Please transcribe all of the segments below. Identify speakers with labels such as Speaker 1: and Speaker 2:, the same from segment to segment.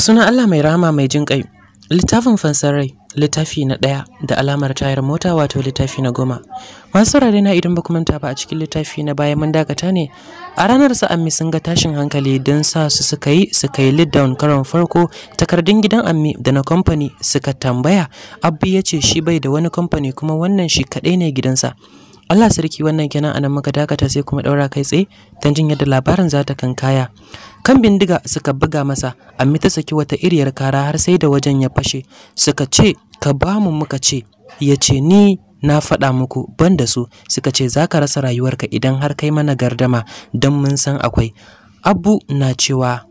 Speaker 1: Suna Allah mai rama mai jin ƙai littafin fansar rai littafi na ɗaya da alamar tayar mota wato littafi na goma masu saurare na idan ba ku manta ba a cikin littafi na baya mun dakata ne a ranar sa ammi sun ga tashin hankali don sa su suka yi suka yi karon farko takardun gidan ammi da na kamfani suka tambaya abbi ya ce shi bai da wani kamfani kuma wannan shi kaɗai ne gidansa Allah sarki wannan kenan anan muka dakata sai kuma ɗaura kai tsaye don jin yadda labarin za ta kankaya kan bindiga suka buga masa amma ta saki wata iriyar kara har sai da wajen ya fashe suka ce ka ba mu muka ce ya ce ni na faɗa muku banda su suka ce za ka rasa rayuwarka idan har kai mana gardama don mun san akwai abu na cewa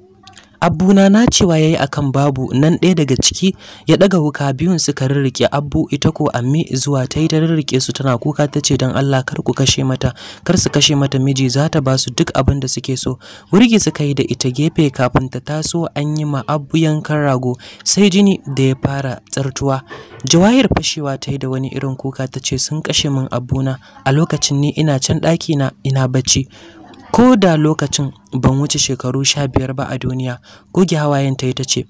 Speaker 1: abbuna na cewa yayi akan babu nan ɗaya daga ciki ya ɗaga wuka biyun suka rirrike abbu ita ko ammi zuwa ta yi ta rirrike su tana kuka ta ce don Allah kar ku kashe mata kar su kashe mata miji za ta ba su duk abin da suke so wurgi suka yi da ita gefe kafin ta taso an yi ma abu yankan rago sai jini da ya fara tsartuwa jawahir fashewa ta yi da wani irin kuka ta ce sun kashe min abbuna a lokacin ni ina can ɗaki na, ina bacci ko da lokacin ban wuce shekaru sha biyar ba a duniya goge hawayenta ita ce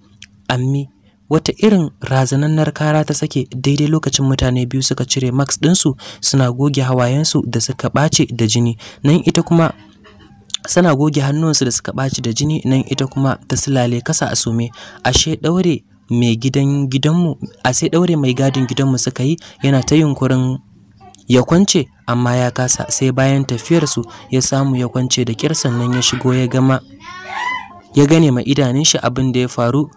Speaker 1: ammi wata irin razanannar kara ta sake daidai lokacin mutane biyu suka cire max ɗinsu suna goge hawayensu da suka ɓace da jini nan ita kuma sana goge hannunsu da suka ɓaci da jini nan ita kuma ta silale kasa a sume ashe ɗaure mai ɗaure mai gadin gidanmu suka yi yana ta yunkurin ya kwance amma ya kasa sai bayan tafiyarsu ya samu ya kwance da kyar sannan ya shigo ya gama ya gane ma idanun shi abin da ya faru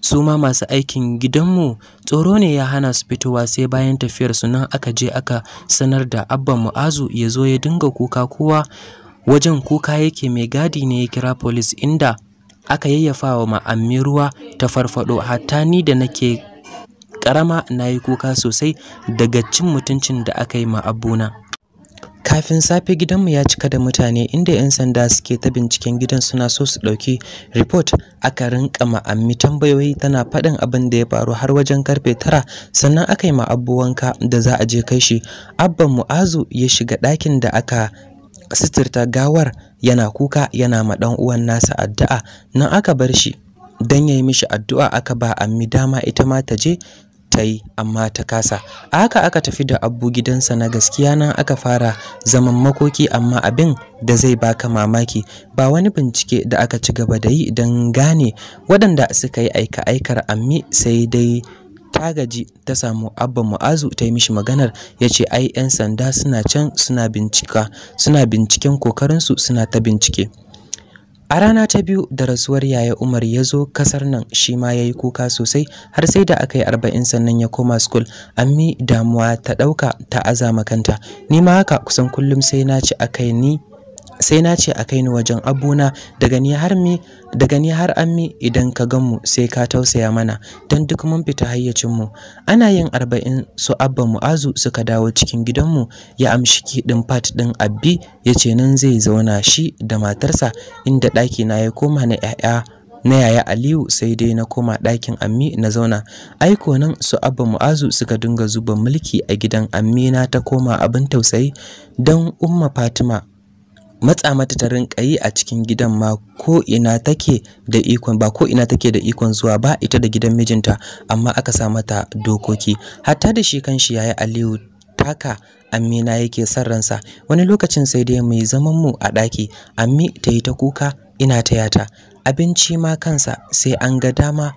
Speaker 1: su ma masu aikin gidanmu tsoro ne ya hana su fitowa sai bayan tafiyarsu nan aka je aka sanar da abban mu'azu ya zo ya dinga kuka kowa wajen kuka yake mai gadi ne ya kira polis inda aka yayyafa wa ma'ammi ruwa ta farfado hatta ni da nake karama na yi kuka sosai daga cin mutuncin da aka yi ma abuna kafin safe gidanmu ya cika da mutane inda 'yan sanda suke ta binciken gidan suna so su ɗauki report aka rinka ma'ammi tambayoyi tana faɗin abin da ya faru har wajen karfe tara sannan aka yi ma'abbu wanka da za a je kai shi abban mu'azu ya shiga ɗakin da aka sitirta gawar yana kuka yana ma ɗan uwan nasa addu'a nan aka bar shi dan yayi mishi addu'a aka ba ammi dama ita ma ta je ta yi amma ta kasa a haka aka tafi da abu gidansa na gaskiya nan aka fara zaman makoki amma abin da zai baka mamaki ba wani bincike da aka ci gaba da yi don gane waɗanda suka yi aika-aikar ammi sai dai ta gaji ta samu abba mu'azu ta yi mishi maganar ya ce ai 'yan sanda suna can suna bincika suna binciken kokarinsu suna ta bincike A rana ta biyu da rasuwar yaya Umar ya zo kasar nan shi ma ya yi kuka sosai har sai da aka yi arba'in sannan ya koma school. mi damuwa ta ɗauka ta azama kanta. Ni ma haka kusan kullum sai na ci a kai ni sai na ce a kai ni wajen abuna daga ni har mi daga ni har ammi idan ka gan mu sai ka tausaya mana don duk mun fita hayyacin mu ana yin arba'in su abba mu'azu suka dawo cikin gidanmu ya amshi kiɗin fat ɗin abbi yace nan zai zauna shi da matarsa inda ɗaki na ya koma na 'ya'ya na yaya Aliyu sai dai na koma ɗakin Ammi na zauna. Aiko nan su Abba Mu'azu suka dinga zuba mulki a gidan Ammi na ta koma abin tausayi don Umma Fatima matsa mata ta rinka yi a cikin gidan ma ko ina take da ikon ba ko ina take da ikon zuwa ba ita da gidan mijinta amma aka sa mata dokoki hatta da shi kanshi yayi Aliyu taka Amina yake son ransa wani lokacin sai dai mai zaman mu a ɗaki Ammi ta yi ta kuka ina ta yata. abinci ma kansa sai an ga dama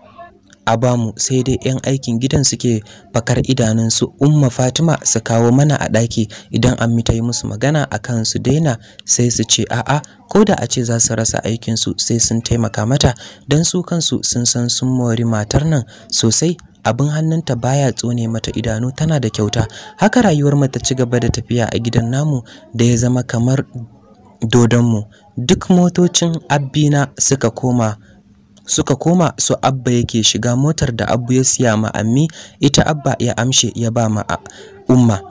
Speaker 1: a bamu sai dai 'yan aikin gidan suke fakar idanunsu umma fatima su kawo mana a ɗaki idan an mita yi musu magana a kan su daina sai su ce a'a ko da a ce za su rasa aikinsu sai sun taimaka mata don su kansu sun san sun mori matar nan sosai abin hannunta baya tsone mata idanu tana da kyauta haka rayuwar mata ci gaba da tafiya a gidan namu da ya zama kamar dodonmu duk motocin abbina suka koma suka koma su abba yake shiga motar da abu ya siya ma ammi ita abba ya amshe ya ba ma umma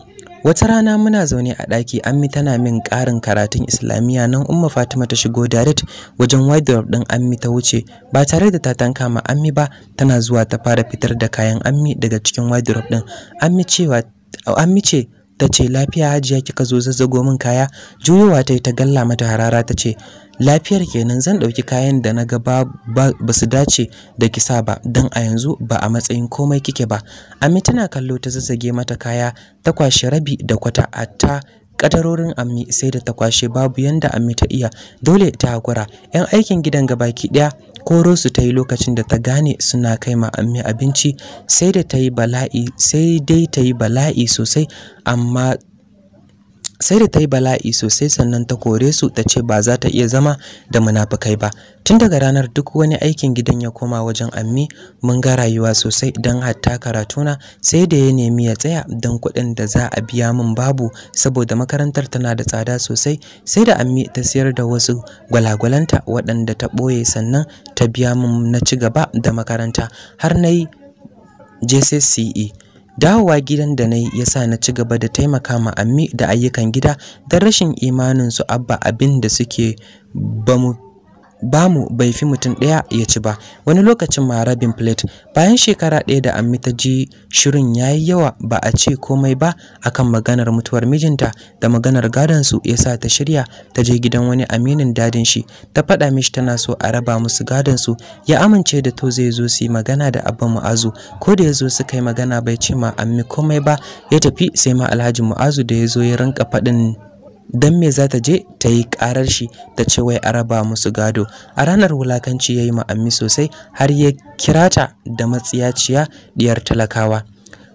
Speaker 1: wata rana muna zaune a ɗaki ammi tana min ƙarin karatun islamiyya nan umma fatima ta shigo direct wajen wardrobe ɗin ammi ta wuce ba tare da ta tanka ma ammi ba tana zuwa ta fara fitar da kayan ammi daga cikin wardrobe ɗin ammi cewa ammi ce ta ce lafiya hajiya kika zo zazzago min kaya juyowa ta yi ta galla mata harara ta ce lafiyar kenan zan ɗauki kayan da na ga ba su dace da kisa ba don a yanzu ba a matsayin komai kike ba ammi tana kallo ta zazzage mata kaya ta kwashe rabi da kwata a ta kadarorin ammi sai da ta kwashe babu yanda ammi ta iya dole ta hakura yan aikin gidan gaba ki daya koro su ta yi lokacin da ta gane suna kai ma ammi abinci sai da ta bala'i sai dai ta yi bala'i sosai amma sai da ta yi bala'i sosai sannan ta kore su ta ce ba za ta iya zama da munafukai ba tun daga ranar duk wani aikin gidan ya koma wajen ammi mun ga rayuwa sosai don hatta karatuna sai da ya nemi ya tsaya don kuɗin da za a biya min babu saboda makarantar tana da tsada sosai sai da ammi ta siyar da wasu gwalagwalanta waɗanda ta ɓoye sannan ta biya min na ci gaba da makaranta har na yi JCCE Dawowa gidan da na yi ya sa na ci gaba da taimaka ma ammi da ayyukan gida don rashin imanin su abba abin da suke ba mu bamu bai fi mutum ɗaya ya ci ba wani lokacin ma rabin plate bayan shekara ɗaya da an ta ji shirin ya yi yawa ba a ce komai ba akan maganar mutuwar mijinta da maganar gadon su sa ta shirya ta je gidan wani aminin dadin shi ta faɗa mishi tana so a raba musu gadon su ya amince da to zai zo su magana da abban mu'azu ko da ya zo suka yi magana bai ce ma ammi komai ba ya tafi sai ma alhaji mu'azu da ya zo ya rinka faɗin dan me za ta je ta yi karar shi ta ce wai araba musu gado a ranar wulakanci ya yi ma'ammi sosai har ya kira ta da matsiyaciya diyar talakawa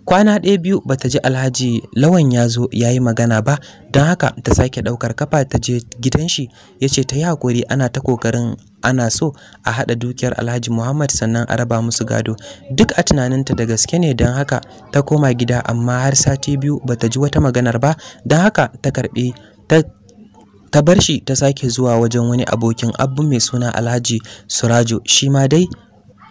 Speaker 1: kwana ɗaya biyu ba ta ji alhaji lawan ya zo ya yi magana ba don haka ta sake ɗaukar kafa ta je gidan shi ya ce ta yi hakuri ana ta kokarin ana so a haɗa dukiyar alhaji muhammad sannan a raba musu gado duk a tunaninta da gaske ne don haka ta koma gida amma har sati biyu ba ta ji wata maganar ba don haka ta karɓi ta ta bar shi ta sake zuwa wajen wani abokin abu mai suna Alhaji Surajo shi ma dai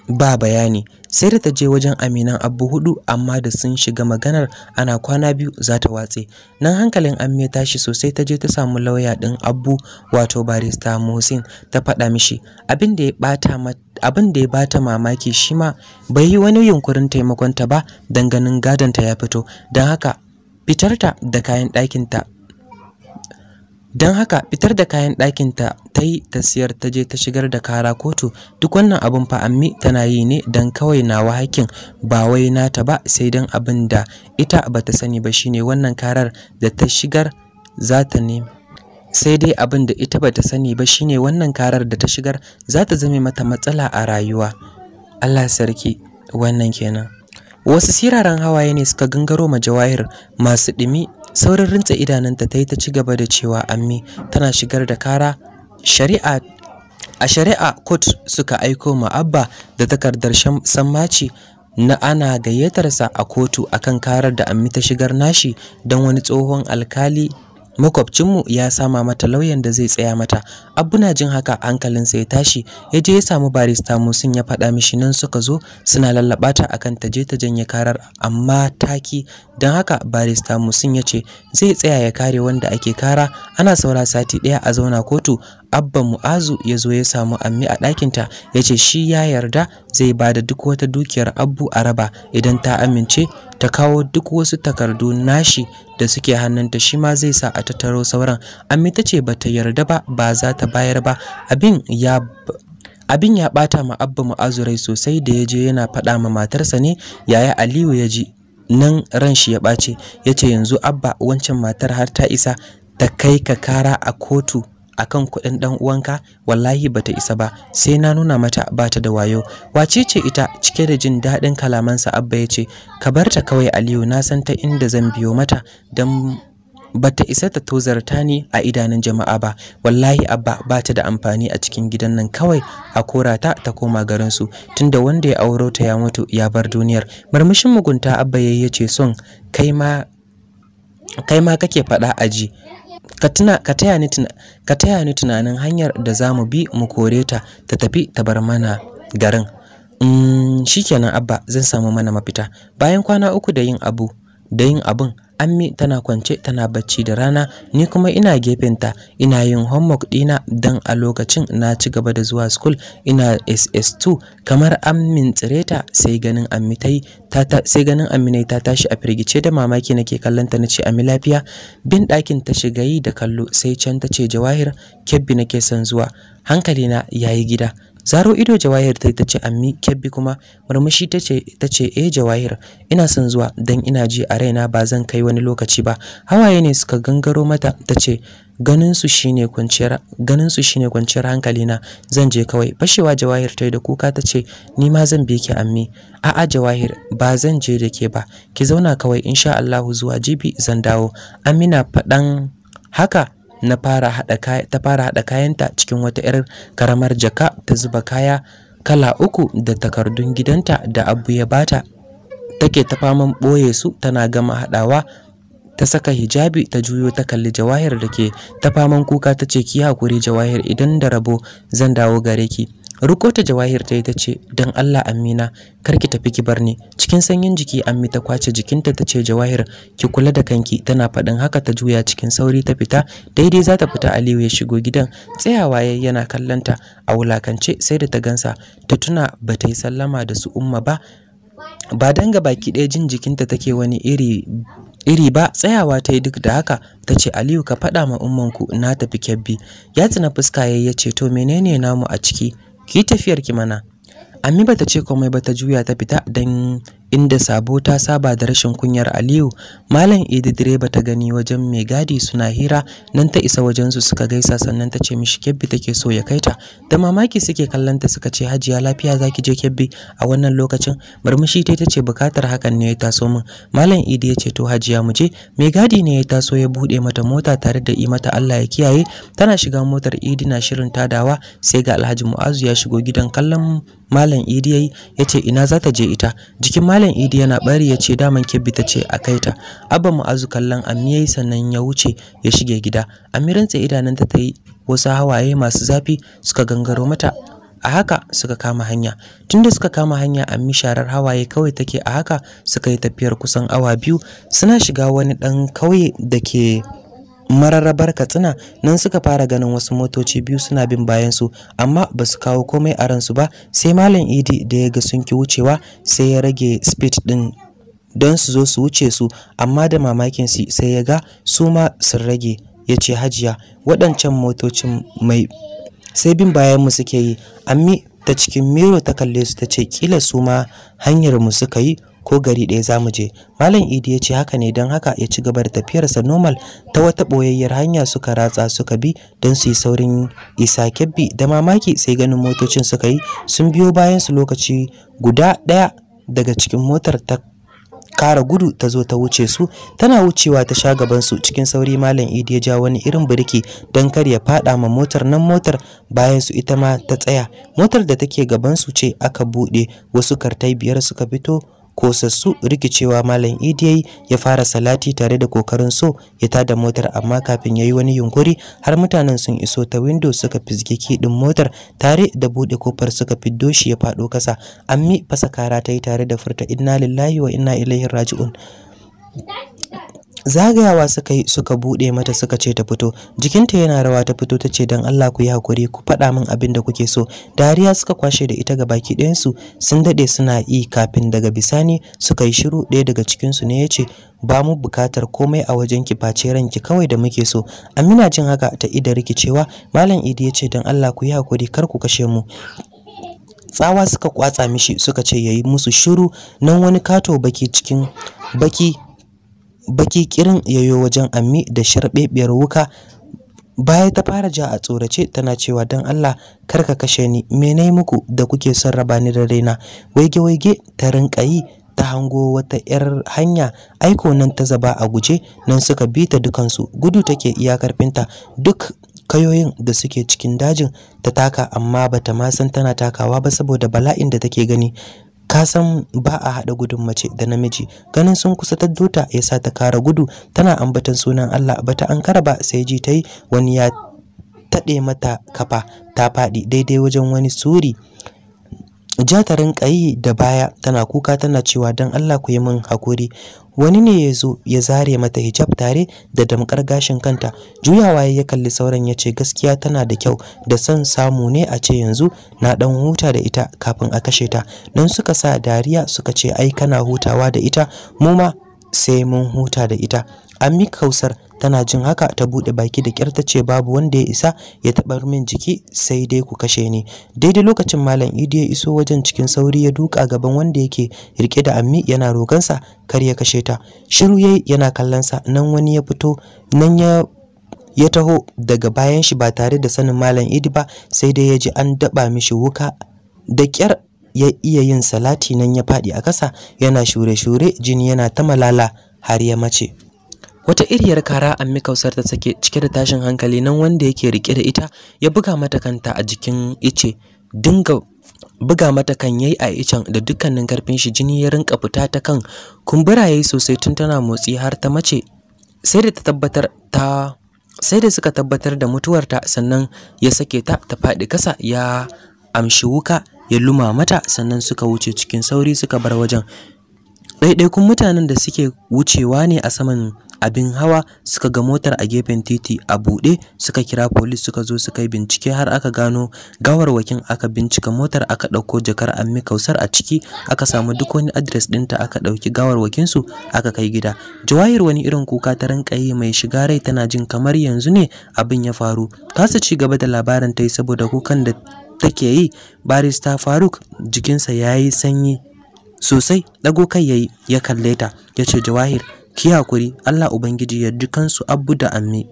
Speaker 1: ba bayani sai da ta je wajen aminan abu hudu amma da sun shiga maganar ana kwana biyu za ta watse nan hankalin amme ya tashi sosai ta je ta samu lauya din abu wato barista Muhsin ta faɗa mishi abin da ya bata abin da ya bata mamaki shi ma bai yi wani yunkurin taimakonta ta ba ganin gadon ta ya fito don haka fitarta da kayan ɗakinta don haka fitar da kayan ɗakinta ta yi ta siyar ta je ta shigar da kara kotu duk wannan abin fa ammi tana yi ne don kawai nawa hakkin ba wai nata ba sai don abin da ita ta sani ba shine wannan karar da ta shigar za ta nemi sai dai abin da ita bata sani ba shine wannan karar da ta shigar za ta zame mata matsala a rayuwa Allah sarki wannan kenan wasu siraran hawaye ne suka gangaro ma jawahir masu ɗumi saurin rintsa idananta ta yi ta ci gaba da cewa ammi tana shigar da kara shari'a a shari'a kot suka aiko ma'abba da takardar sammaci na ana gayyatarsa a kotu akan karar da ammi ta shigar nashi don wani tsohon alkali makwabcinmu ya sama mata lauyan da zai tsaya mata na jin haka hankalinsa ya tashi ya je ya samu barista musin ya faɗa mishi nan suka zo suna lallaɓata akan ta je ta janye karar amma taki don haka barista musin ya ce zai tsaya ya kare wanda ake kara ana saura sati ɗaya a zauna kotu abba mu'azu ya zo ya samu ammi a ɗakinta ya ce shi ya yarda zai ba da duk wata dukiyar abbu a raba idan ta amince ta kawo duk wasu takardu nashi da suke hannunta shi ma zai sa a tattaro sauran amma ta ce bata yarda ba ba za ta bayar ba abin ya abin ya bata ma abba Ma'azurai sosai da yaje yana faɗa ma matarsa ne yaya aliyu ya ji nan ran shi ya ɓace ya ce yanzu abba wancan matar har ta isa ta kai ka kara a kotu akan kuɗin ɗan uwanka wallahi bata isa ba sai na nuna mata bata da wayo wace ce ita cike da jin daɗin kalamansa abba ya ce ka barta kawai aliyu na san ta inda zan biyo mata don bata isa ta tozarta ni a idanun jama'a ba wallahi abba bata da amfani a cikin gidan nan kawai a korata ta koma garin su tunda wanda ya auro ta ya mutu ya bar duniyar murmushin mugunta abba yayi ce son kai ma kai ma kake faɗa aji ka taya ni tunanin hanyar da za mu bi mu kore ta ta tafi ta bar mana garin mm, shikenan abba zan samu mana mafita bayan kwana uku da yin abu da yin abun ammi tana kwance tana bacci da rana ni kuma ina gefenta ina yin homework dina, dan a lokacin na ci gaba da zuwa school ina SS2 kamar ammin tsireta sai ganin ammi ta yi sai ganin amminai ta tashi a firgice da mamaki nake kallon ta nace ammi lafiya bin ɗakin ta shiga yi da kallo sai can ta ce jawahir kebbi nake son zuwa hankalina yayi gida Zaro ido Jawahir ta ce ammi Kebbi kuma murmushi tace tace eh Jawahir ina son zuwa dan ina ji a raina ba zan kai wani lokaci ba. Hawaye ne suka gangaro mata tace ganin su shine kwanciyar ganin su shine kwanciyar hankali na zan je kawai fashewa Jawahir ta da kuka tace ni ma zan bi ki ammi a'a Jawahir ba zan je da ke ba ki zauna kawai insha Allah zuwa jibi zan dawo Amina faɗan haka na ta fara hada kayanta cikin wata yar karamar jaka ta zuba kaya kala uku da takardun gidanta da abu ya bata take ta faman boye su tana gama hadawa ta saka hijabi ta juyo ta kalli jawahir da ke ta faman kuka ta ce ki hakuri jawahir idan da rabo zan dawo gare ki Rukota ta Jawahir ta yi ta ce, "Don Allah Amina, kar ki tafi ki bar ni." Cikin sanyin jiki Ammi ta kwace jikinta ta ce, "Jawahir, ki kula da kanki." Tana faɗin haka ta juya cikin sauri ta fita, daidai za ta fita Aliyu ya shigo gidan. Tsayawa yayi yana kallanta a wulakance sai da ta gansa, ta tuna ba ta yi sallama da su Umma ba. Ba danga baki ɗaya jin jikinta take wani iri iri ba tsayawa ta yi duk da haka ta ce aliyu ka faɗa ma ummanku na tafi kyabbi ya tuna fuska ya ce to menene namu a ciki ki tafiyar ki mana ammi bata ce komai ba ta juya ta fita dan inda sabo ta saba da rashin kunyar aliyu malam idi direba ta gani wajen mai gadi suna hira nan ta isa wajen su suka gaisa sannan ta ce mishi kebbi take so ya kaita da mamaki suke kallon ta suka ce hajiya lafiya zaki je kebbi a wannan lokacin murmushi ta ce bukatar hakan ne ya taso min malam idi ya ce to hajiya mu je mai gadi ne ya taso ya bude mata mota tare da imata Allah ya kiyaye tana shiga motar idi na shirin tadawa sai ga alhaji mu'azu ya shigo gidan kallon Malam Idi yayi yace ina za ta je ita jikin Malam Idi yana bari yace daman kibbi ta ce a kaita Abba Mu'azu kallon Ammi yayi sannan ya wuce ya shige gida Amirin tsaye idananta ta yi wasu hawaye masu zafi suka gangaro mata a haka suka kama hanya tunda suka kama hanya ammi sharar hawaye kawai take a haka suka yi tafiyar kusan awa biyu suna shiga wani dan kauye dake mararrabar katsina nan suka fara ganin wasu motoci biyu suna bin bayansu amma ba su kawo komai a ransu ba sai malam idi da ya ga sun ki wucewa sai ya rage speed din don su zo su wuce su amma da mamakin sai ya ga su ma sun rage ya ce hajiya waɗancan motocin mai sai bin mu suke yi ammi ta cikin miro ta kalle su ta ce kila su ma hanyar mu suka yi ko gari ɗaya za mu je malam idi ya ce haka ne don haka ya ci gaba da tafiyarsa normal ta wata ɓoyayyar hanya suka ratsa suka bi don su yi saurin isa kebbi da mamaki sai ganin motocin suka yi sun biyo bayan su lokaci guda ɗaya daga cikin motar ta kara gudu ta zo ta wuce su tana wucewa ta sha gaban su cikin sauri malam idi ya ja wani irin birki don kar ya fada ma motar nan motar bayan su ita ma ta tsaya motar da take gaban su ce aka bude wasu kartai biyar suka fito kosassu rikicewa malam idi yayi ya fara salati tare da kokarin so ya tada motar amma kafin yayi wani yunkuri har mutanen sun iso ta window suka fizge kidin motar tare da bude kofar suka fiddo shi ya fado kasa ammi fasakara ta yi tare da furta inna lillahi wa inna ilaihi raji'un zagayawa suka yi suka buɗe mata suka ce ta fito jikinta yana rawa ta fito tace dan Allah ku yi hakuri ku faɗa min abin da kuke so dariya suka kwashe da ita ga baki ɗayansu sun daɗe suna yi kafin daga bisani suka yi shiru ɗaya daga cikinsu ne ya ce ba mu bukatar komai a wajen ki face ranki kawai da muke so amina jin haka ta ida rikicewa malam idi ya ce don Allah ku yi hakuri kar ku kashe mu tsawa suka kwatsa mishi suka ce yayi musu shiru nan wani kato baki cikin baki baki kirin yayo wajen ammi da sharbebiyar wuka baya ta fara ja a tsorace tana cewa don Allah kar ka kashe ni me nayi muku da kuke son raba ni da raina waige waige ta rinka yi ta hango wata 'yar hanya aiko nan ta zaba a guje nan suka bi ta dukansu gudu take iya karfinta duk kayoyin da suke cikin dajin ta taka amma bata ma san tana takawa ba saboda bala'in da take gani kasan ba a haɗa gudun mace da namiji ganin sun kusa ta dota ya sa ta kara gudu tana ambatan sunan Allah ba bata ankara ba sai ji tai wani ya taɗe mata kafa ta faɗi daidai wajen wani suri ja ta rinka yi da baya tana kuka tana cewa 'Dan Allah ku yi min hakuri wani ne ya zo ya zare mata hijab tare da damkar gashin kanta juyawa ya kalli sauran ya ce gaskiya tana da kyau da son samu ne a ce yanzu na dan huta da ita kafin a kashe ta nan suka sa dariya suka ce ai kana hutawa da ita mu ma sai mun huta da ita ami Hausar kausar tana jin haka ta buɗe baki da ƙyar ta ce babu wanda ya isa ya taba min jiki sai dai ku kashe ni daidai lokacin malam idi ya iso wajen cikin sauri ya duka gaban wanda yake rike da ammi yana roƙonsa kar ya kashe ta shiru yayi yana sa, nan wani ya fito nan ya ya taho daga bayan shi ba tare da sanin malam idi ba sai dai ya ji an daba mishi wuka da ƙyar ya iya yin salati nan ya faɗi a kasa yana shure-shure jini yana ta malala har ya mace wata iriyar kara ammi kausar ta sake cike da tashin hankali nan wanda yake rike da ita ya buga mata kanta a jikin ice dinga buga mata kan yayi a icen da dukkanin karfin shi jini ya rinka fita ta kan kumbura yayi sosai tun tana motsi har ta mace sai da ta tabbatar ta sai da suka tabbatar da mutuwarta sannan ya sake ta ta faɗi kasa ya amshi wuka ya luma mata sannan suka wuce cikin sauri suka bar wajen ɗaiɗaikun mutanen da suke wucewa ne a saman abin hawa suka ga motar a gefen titi a buɗe suka kira police suka zo suka yi bincike har aka gano gawarwakin aka bincika motar aka ɗauko jakar ammi kausar a ciki aka samu duk wani adres ɗinta aka ɗauki su aka kai gida jawahir wani irin kuka ta rankaye mai shiga rai tana jin kamar yanzu ne abin ya faru kasa ci gaba da labarin ta saboda kukan da take yi barista faruk jikinsa yayi sanyi sosai dago kai yayi ya kalle ta yace jawahir ki hakuri Allah ubangiji ya ji kansu Abu da amme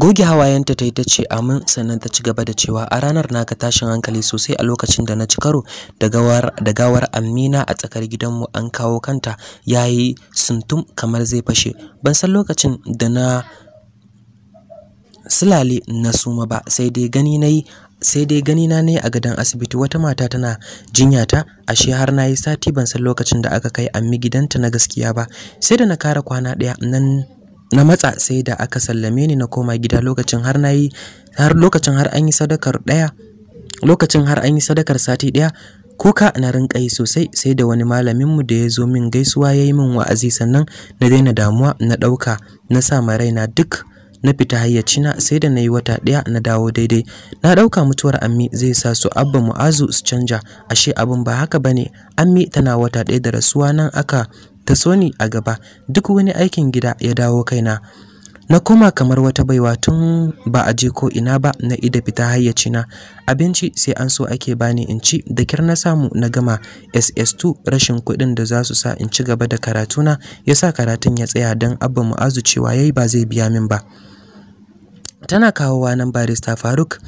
Speaker 1: goge hawayenta ta yi ta ce amin sannan ta ci gaba da cewa a ranar na ga tashin hankali sosai a lokacin da na ci karo da gawar amina a tsakar gidanmu an kawo kanta yayi suntum kamar zai fashe ban san lokacin da na silale na suma ba sai dai gani nayi sai dai gani na ne a gadon asibiti wata mata tana jinya ta ashe har na yi sati ban san lokacin da aka kai ammi gidanta na gaskiya ba sai da na kara kwana ɗaya nan na matsa sai da aka sallame ni na koma gida lokacin har yi har lokacin har an yi sadakar daya lokacin har an yi sadakar sati ɗaya, kuka na rinka yi sosai sai da wani malamin mu da ya zo min gaisuwa ya yi min wa'azi sannan na daina damuwa na ɗauka na sa ma raina duk na fita hayyacina sai da na yi wata ɗaya na dawo daidai na ɗauka mutuwar ammi zai sa su abba mu'azu su canja ashe abin ba haka bane ammi tana wata ɗaya da rasuwa nan aka ta soni a gaba duk wani aikin gida ya dawo kaina na koma kamar wata baiwa tun ba a je ko ina ba na ida fita hayyacina abinci sai an so ake bani in ci da kyar na samu na gama ss2 rashin kuɗin da za su sa in ci gaba da karatuna ya sa karatun ya tsaya don abba mu'azu cewa yayi ba zai biya min ba tana kawowa nan barista Faruk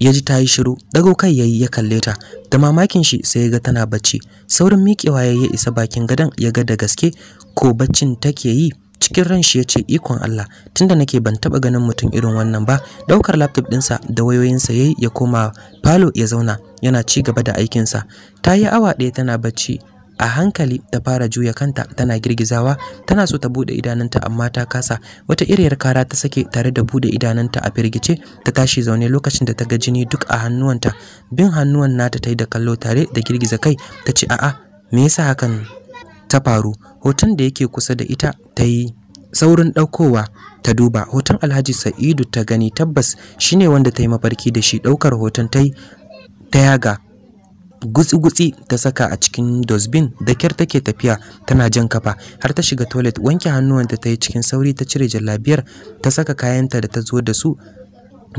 Speaker 1: ya ji ta yi shiru dago kai ya yi ya kalle ta da mamakin shi sai ya ga tana bacci saurin miƙewa ya ya isa bakin gadon ya ga da gaske ko baccin take yi cikin ran shi yace ikon Allah tunda nake ban taba ganin mutum irin wannan ba daukar laptop dinsa da wayoyinsa yayi ya koma falo ya zauna yana ci gaba da aikin sa yi awa ɗaya tana bacci a hankali ta fara juya kanta tana girgizawa tana so ta bude idanunta amma ta kasa wata iriyar kara ta sake tare da bude idanunta a firgice ta tashi zaune lokacin da ta ga jini duk a hannuwanta bin hannuwan nata ta yi da kallo tare da girgiza kai ta ce a'a me yasa hakan ta faru hoton da yake kusa da ita ta yi saurin ɗaukowa ta duba hoton alhaji sa'idu ta gani tabbas shine wanda ta yi mafarki da shi ɗaukar hoton ta ta yaga gutsi-gutsi ta saka a cikin dosbin da kyar take tafiya tana jan kafa har ta shiga toilet wanke hannuwanta ta yi cikin sauri ta cire jallabiyar ta saka kayanta da ta zo da su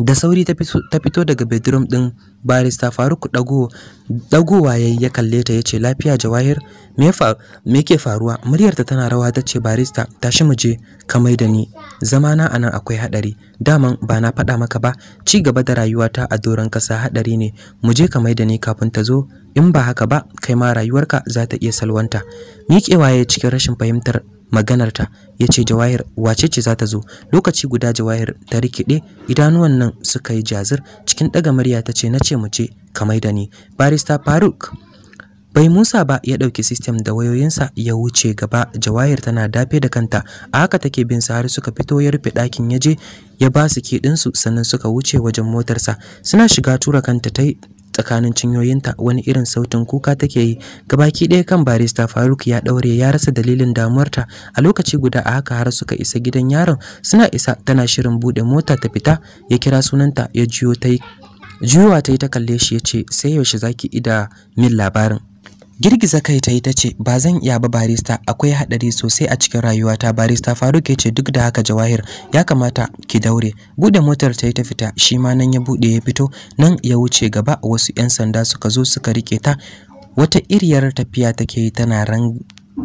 Speaker 1: da sauri ta fito daga bedroom din barista Faruk dago dagowa yayin ya kalle ta yace lafiya Jawahir me fa me yake faruwa muryarta tana rawa ce barista tashi muje je ka maida da ni zamana anan akwai hadari daman ba na faɗa maka ba ci gaba da rayuwata a doron kasa hadari ne muje je ka maida ni kafin ta zo in ba haka ba kai ma rayuwarka za ta iya salwanta miƙewa ya cikin rashin fahimtar maganarta ya ce jawahir wace ce za ta zo lokaci guda jawahir ta rikide idanuwan nan suka yi jazir cikin ɗaga murya ta ce nace ce mu ce kamai da ni barista faruk bai musa ba ya ɗauki system da wayoyinsa ya wuce gaba jawahir tana dafe da kanta a haka take bin sa har suka fito ya rufe ɗakin ya je ya ba su ke ɗinsu sannan suka wuce wajen motarsa suna shiga tura kanta ta tsakanin cinyoyinta wani irin sautin kuka take yi gabaki ɗaya kan barista Faruk ya ɗaure ya rasa dalilin damuwarta a lokaci guda a haka har suka isa gidan yaron suna isa tana shirin buɗe mota ta fita ya kira sunanta ya jiyo ta yi juyowa ta yi ta kalle shi ya ce sai yaushe zaki ida min labarin girgiza kai ta yi ta ce ba zan iya ba barista akwai hadari sosai a cikin rayuwata barista faruk ya ce duk da haka jawahir ya kamata ki daure bude motar ta yi ta fita shi ma nan ya bude ya fito nan ya wuce gaba wasu 'yan sanda suka zo suka rike ta wata iriyar tafiya take yi tana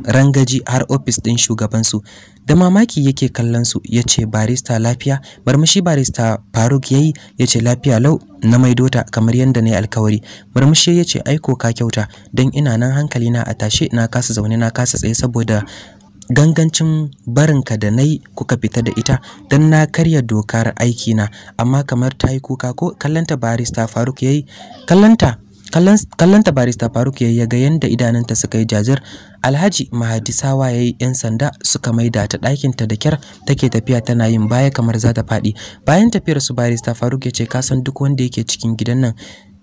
Speaker 1: rangaji har ofis ɗin shugabansu da mamaki yake kallon su yace barista lafiya Marmashi barista faruk yayi yace lafiya lau na maidota kamar yadda na yi alkawari Marmashi yace ce aiko ka kyauta dan ina nan hankali na a tashe na kasa zaune na kasa tsaye saboda gangancin barinka da na kuka fita da ita dan na karya dokar aikina amma kamar ta yi kuka ko kallanta barista faruk ya yi kallanta kallon ta barista faruk ya ga yanda idanunta suka yi jajir alhaji Mahadisawa sawa ya yi yan sanda suka maida ta ɗakin ta da kyar take tafiya tana yin baya kamar za ta faɗi bayan tafiyar su barista faruk ya ce ka san duk wanda yake cikin gidan nan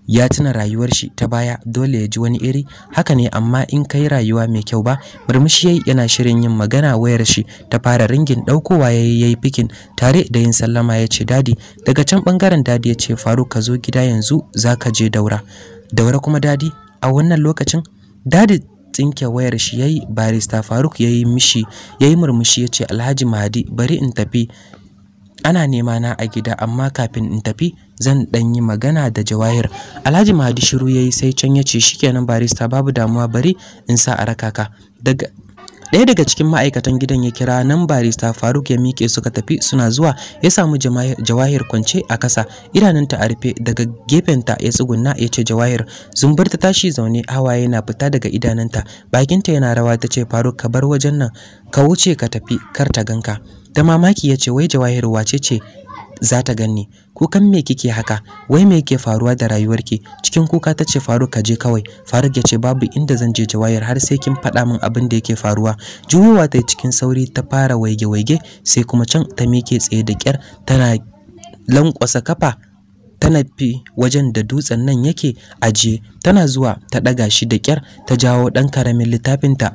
Speaker 1: ya tuna rayuwar shi ta baya dole ya ji wani iri haka ne amma in kai rayuwa mai kyau ba murmushi yayi yana shirin yin magana wayar shi ta fara ringin daukowa yayi yayi fikin tare da yin sallama ya ce dadi daga can ɓangaren dadi ya ce Faruk ka zo gida yanzu zaka je daura Daure kuma dadi a wannan lokacin dadi tsinke wayar shi yayi barista Faruk yayi mishi yayi murmushi yace Alhaji Mahdi bari in tafi ana nema na a gida amma kafin in tafi zan dan yi magana da Jawahir Alhaji mahadi shiru yayi sai can yace shikenan barista babu damuwa bari in sa a raka ka ɗaya daga cikin ma'aikatan gidan ya kira nan barista faruk ya miƙe suka tafi suna zuwa ya samu jawahir kwance a kasa idanunta a rufe daga gefenta ya tsugunna ya ce jawahir zumbar ta tashi zaune hawaye na fita daga idanunta bakinta yana rawa ta ce faruk ka bar wajen nan ka wuce ka tafi kar ta ganka da mamaki ya ce wai jawahiru wace ce za ta kukan me kike haka wai me yake faruwa da rayuwarki cikin kuka ta ce faruk ka je kawai faruk ya ce babu inda zan je jawayar har sai kin faɗa min abin da yake faruwa juyowa ta cikin sauri ta fara waige-waige sai kuma can ta mike tsaye da kyar tana lankwasa kafa tana fi wajen da dutsen nan yake ajiye tana zuwa ta ɗaga shi da kyar ta jawo ɗan karamin littafinta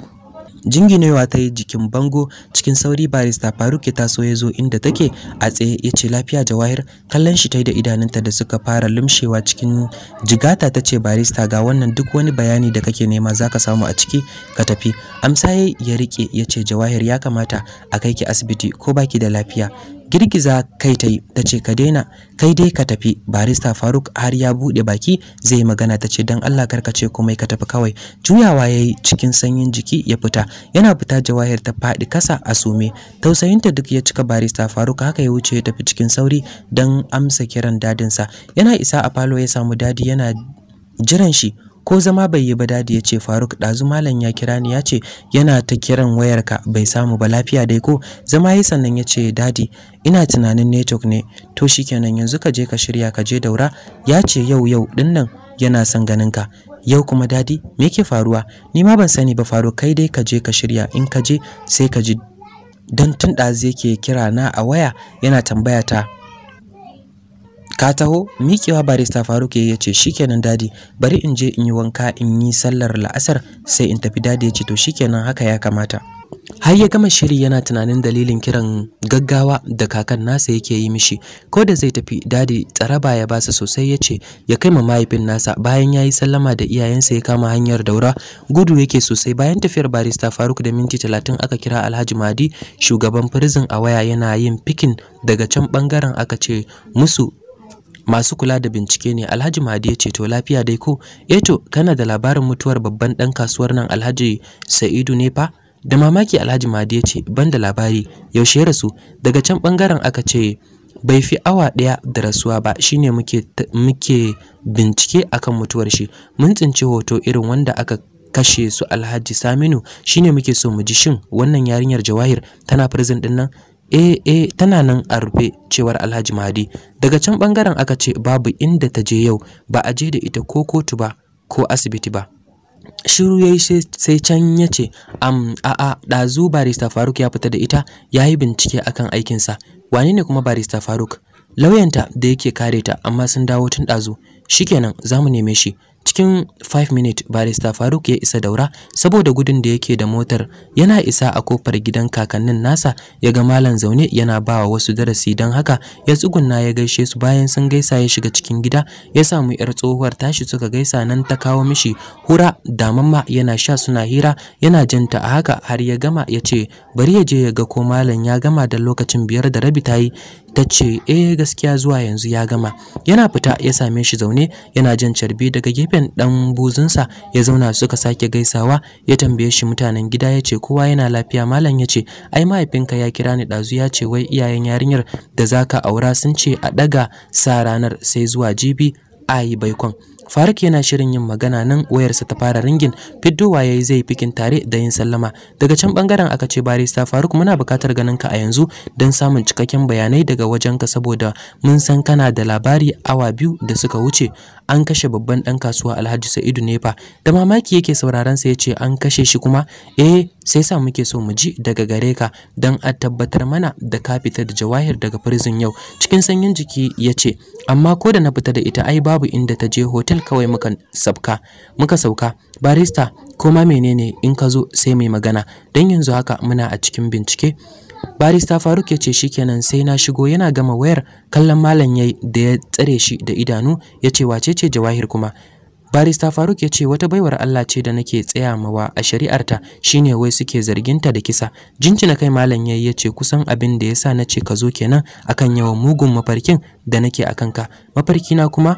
Speaker 1: jinginewa ta yi jikin bango cikin sauri barista faruk ya so ya zo inda take a tsaye ya ce lafiya jawahir kallon shi ta yi da idanunta da suka fara lumshewa cikin jigata ta ce barista ga wannan duk wani bayani da kake nema za ka samu a ciki ka tafi amsa ya ya riƙe ya ce jawahir ya kamata a kai ki asibiti ko baki da lafiya girgiza kai ta yi ce ka daina kai dai ka tafi barista faruk har ya bude baki zai yi magana tace dan don allah karkace ce komai ka tafi kawai juyawa yayi cikin sanyin jiki ya fita yana fita jawahir ta faɗi kasa a sume tausayinta duk ya cika barista faruk haka ya wuce ya tafi cikin sauri dan amsa kiran dadinsa yana isa a falo ya samu dadi yana jiran shi ko zama bai yi ba dadi ya ce faruk ɗazu malam ya kira ni ya ce yana ta kiran wayarka bai samu ba lafiya dai ko zama yi sannan ya ce dadi ina tunanin network ne to shikenan yanzu ka je ka shirya ka je daura ya ce yau yau dinnan yana son ganin ka yau kuma dadi me yake faruwa ni ma ban sani ba faruk kai dai ka je ka shirya in ka je sai ka ji dan tun ɗazu yake kira na a waya yana tambaya ta ka taho miƙewa barista faruk ya ce shikenan dadi bari in je in yi wanka in yi sallar la'asar sai in tafi dadi ya ce to shikenan haka ya kamata har ya gama shiri yana tunanin dalilin kiran gaggawa da kakan nasa yake yi mishi ko da zai tafi dadi tsaraba ya basa sosai ya ce ya kai ma mahaifin nasa bayan ya yi sallama da iyayensa ya kama hanyar daura gudu yake sosai bayan tafiyar barista faruk da minti talatin aka kira alhaji madi shugaban prison a waya yana yin fikin daga can bangaren aka ce musu masu kula da bincike ne Alhaji mahadi ya ce to lafiya dai ko eto eh kana da labarin mutuwar babban dan kasuwar nan Alhaji Sa'idu ne fa da mamaki Alhaji mahadi ya ce ban da labari yaushe ya rasu daga can bangaren aka ce bai fi awa ɗaya da rasuwa ba shine muke muke bincike akan mutuwar shi mun tsinci hoto irin wanda aka kashe su Alhaji Saminu shine muke so mu ji shin wannan yarinyar Jawahir tana prison din nan eh eh tana nan a rufe cewar Alhaji Mahdi daga can bangaren aka ce babu inda ta je yau ba a je da ita ko kotu ba ko asibiti ba shiru yayi sai can ya ce am a dazu barista Faruk ya fita da ita yayi bincike akan aikin sa wane ne kuma barista Faruk lauyanta da yake kare ta amma sun dawo tun dazu shikenan zamu neme shi cikin 5 Minutes' barista Faruk ya isa daura saboda gudun da yake da motar yana isa a kofar gidan kakannin nasa ya ga malam zaune yana bawa wasu darasi don haka ya tsugunna ya gaishe su bayan sun gaisa ya shiga cikin gida ya samu yar tsohuwar tashi suka gaisa nan ta kawo mishi hura da mamma yana sha suna hira yana janta a haka har ya gama ya ce bari ya je ya ga ko malam ya gama da lokacin biyar da rabi ta yi ta ce eh gaskiya zuwa yanzu ya gama yana fita ya same shi zaune yana jan carbi daga gefen dan buzunsa ya zauna suka sake gaisawa ya tambaye shi mutanen gida ya ce kowa yana lafiya malam ya ce ai mahaifinka ya kira ni ɗazu ya ce wai iyayen yarinyar da zaka aura sun ce a ɗaga sa ranar sai zuwa jibi ayi baikon Faruk yana shirin yin magana nan wayarsa ta fara ringin fiddowa yayi zai fikin tare da yin sallama. Daga can bangaren aka ce barista Faruk muna buƙatar ganin ka a yanzu don samun cikakken bayanai daga wajen ka saboda mun san kana da labari awa biyu da suka wuce an kashe babban dan kasuwa Alhaji Sa'idu Nefa. Da mamaki yake sauraron sa yace an kashe shi kuma eh sai sa muke so mu ji daga gare ka don a tabbatar mana da ka fita da jawahir daga prison yau. Cikin sanyin jiki yace amma ko da na fita da ita ai babu inda ta je hotel otal kawai muka sabka muka sauka barista ko menene in ka zo sai mai magana don yanzu haka muna a cikin bincike barista faruk ya ce shikenan sai na shigo yana gama wayar kallon malam yayi da ya tsare shi da idanu ya ce wace ce jawahir kuma barista faruk ya ce wata baiwar allah ce da nake tsaya mawa a shari'arta shine wai suke zarginta da kisa jinjina kai malam yayi ya ce kusan abin da yasa na ce ka zo kenan akan yawan mugun mafarkin da nake akan ka mafarkina kuma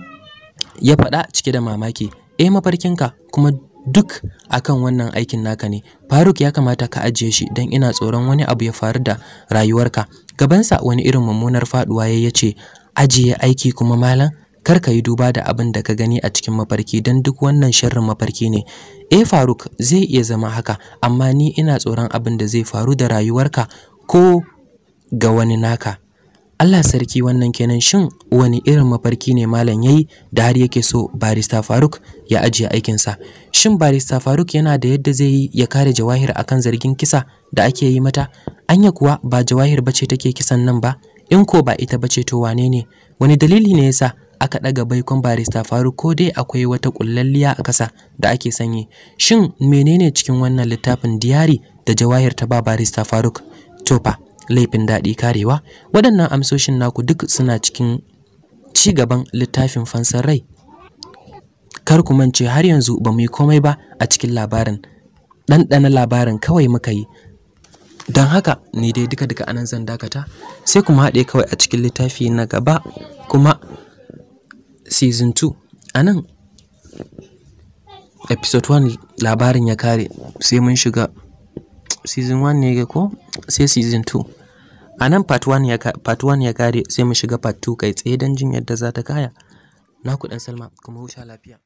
Speaker 1: ya faɗa cike da mamaki eh ka, kuma duk akan wannan aikin naka ne Faruk ya kamata ka ajiye shi don ina tsoron wani abu ya faru da rayuwarka gabansa wani irin mummunar faduwa ya ce ajiye aiki kuma malam kar ka yi duba da abin da ka gani a cikin mafarki don duk wannan sharrin mafarki ne eh Faruk zai iya zama haka amma ni ina tsoron abin da zai faru da rayuwarka ko ga wani naka Allah sarki wannan kenan shin wani irin mafarki ne malam yayi da har yake so barista Faruk ya ajiye aikinsa shin barista Faruk yana da yadda zai yi ya kare Jawahir akan zargin kisa da ake yi mata anya kuwa ba Jawahir bace take kisan nan ba in ko ba ita bace to wane ne wani dalili ne yasa aka daga baikon barista Faruk ko dai akwai wata kullalliya a kasa da ake sanye shin menene cikin wannan littafin diyari da Jawahir ta ba barista Faruk to fa laifin daɗi karewa waɗannan amsoshin naku duk suna cikin ci gaban littafin fansar rai kar ku mance har yanzu ba mu yi komai ba a cikin labarin ɗanɗana labarin kawai muka yi don haka ni dai duka duka anan zan dakata sai kuma haɗe kawai a cikin littafi na gaba kuma season 2 anan episode 1 labarin ya kare sai mun shiga season 1 ne ko sai season 2 a nan part 1 ya kare sai mu shiga part 2 kai tsaye don jin yadda za ta kaya na ku dan salma kuma husha lafiya